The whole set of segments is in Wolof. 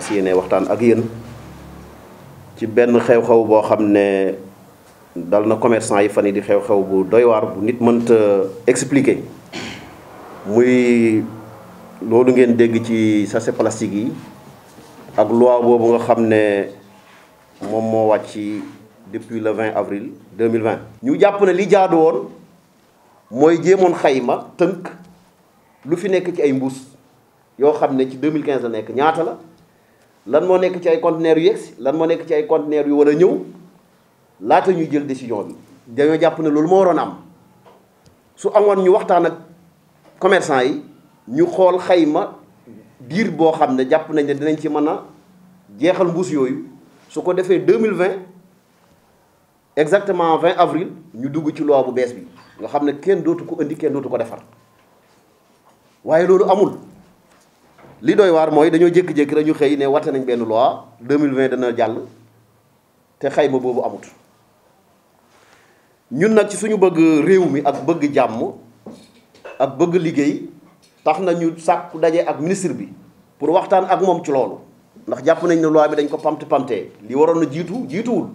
fas yéene waxtaan ak yéen ci benn xew-xew boo xam ne dal na commerçant yi fan yi di xew-xew bu doy waar bu nit mënta expliquer muy loolu ngeen dégg ci sachet plastique yi ak loi boobu nga xam ne moom moo wàcc depuis le vingt avril 2020. ñu jàpp ne li jaadu woon mooy jéemoon xayma tënk lu fi nekk ci ay mbuus yoo xam ne ci 2015 la nekk ñaata la. lan mo nek ci ay conteneur yu yegsi lan mo nek ci ay conteneur yu wara ñew ñëw laata ñuy jël décision bi dañoo jàpp ne loolu moo waroon am su amone ñu waxtaan ak commerçant yi ñu xol xeyma diir bo xamne japp nañ ne dinañ ci mëna jéxal mbuss yoyu su ko défé 2020 exactement 20 avril ñu dugg ci loi bu bees bi nga xamne ne kenn dootu ko indi kenn dootu ko défar waaye lolu amul li dooy waar mooy dañoo jékki-jékki dañu xëy ne wate nañ benn loi 2020 dana jàll te xayma boobu amut ñun nag ci suñu bëgg réew mi ak bëgg jàmm ak bëgg liggéey tax na ñu sàkku daje ak ministre bi pour waxtaan ak moom ci loolu ndax jàpp nañ ne loi bi dañ ko pamte pamtee li waroon na jiitu jiituwul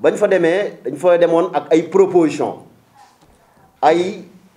bañ fa demee dañ fa demoon ak ay proposition ay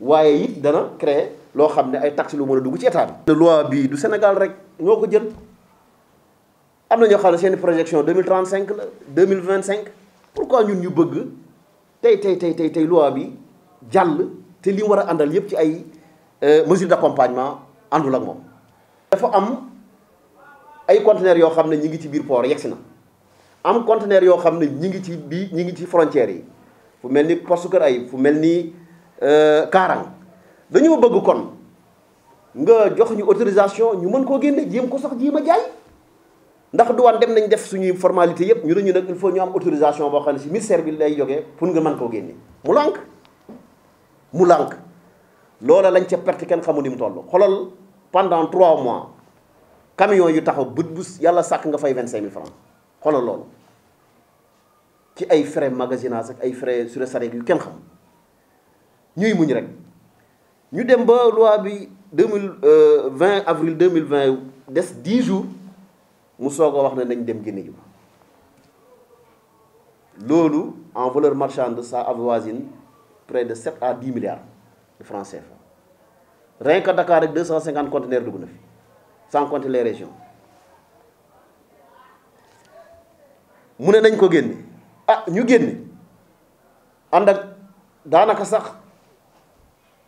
waaye it dana créer loo xam ne ay taxes lu mën a dugg ci état bi. bii du Sénégal rek ñoo ko jël am na ñoo xam ne seen projection deux mille trente cinq la deux mille vingt cinq pourquoi ñun ñu bëgg tey tey tey tey tey loi bi jàll te li war a àndal yëpp ci ay euh, mesures d'accompagnement àndul ak moom. dafa am ay conteneurs yoo xam ne ñi ngi ci biir port yegsi na am conteneurs yoo xam ne ñi ngi ci bi ñi ngi ci frontières yi fu mel ni post Sukar Ayib fu mel ni. Euh, kaarang dañoo bëgg kon nga jox ñu autorisation ñu mën koo génne jéem ko sax jéem a jaay ndax duwaan dem nañ def suñuy formalité yëpp ñu dañu nag il faut ñu am autorisation boo xam ne si ministère bi lay jógee pour nga man koo génne mu lànk mu lànk loola lañ ca perte kenn xamu ni mu toll xolal pendant trois mois camion yu taxaw bët bu yàlla sàkk nga fay vingt cinq mille francs xolal lool ci ay frais magasinage ak ay frais sur yu kenn xam ñuy muñ rek ñu dem ba loi bi 20 euh, avril 2020 dès 10 jours mu a wax ne nañ dem génne ji loolu en valeur marchande ça avoisine près de 7 à 10 milliards de francs CFA rien que Dakar rek 250 conteneurs sans compter les régions mu ne nañ ko génne ah ñu génne ànd ak daanaka sax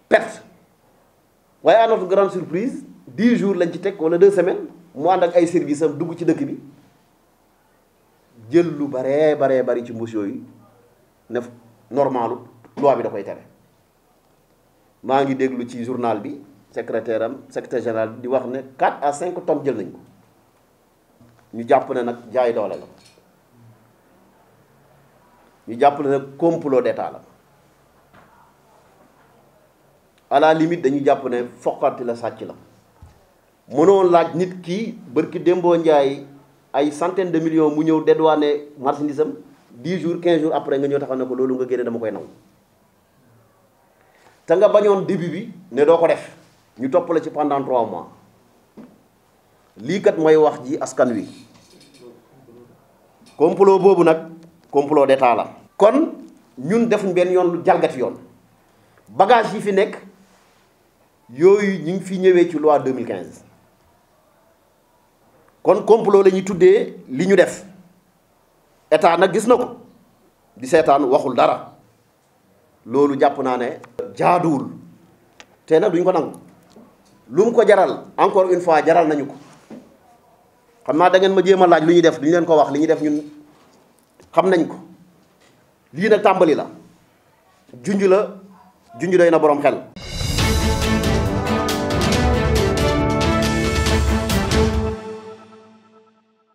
perte waaye à notre grande surprise 10 jours lañ ci tek wala 2 semaines mu and ak ay service am dugg ci dëkk bi jël lu bare bare bare ci mbuus yoy ne normalu loi bi da koy tere ma ngi déglu ci journal bi secrétaire am secrétaire général di wax ne 4 à 5 tonnes jël nañ ko ñu japp ne nak jaay doole la ñu japp ne complot d'état la à la limite dañu jàpp ne la sàcc la mënoo laaj nit ki dembo njaay ay centaine de millions mu ñëw dédouané marchandise 10 jours 15 jours après nga ñëw taxaw ne ko loolu nga génne dama koy naw te nga bañoon début bi ne doo ko def ñu topp ci pendant mois complot kon ñun yoon bagage yooyu ñu ngi fi ñëwee ci loi 2015 kon complot lañuy tuddee li ñu def état nag gis na ko di seetaan waxul dara loolu jàpp naa ne jaaduwul te nag duñ ko nangu lu mu ko jaral encore une fois jaral nañu ko xam naa da ngeen jéem a laaj lu ñuy def duñu leen ko wax li ñuy def ñun xam nañ ko lii nag tàmbali la junj la junj doy na boroom xel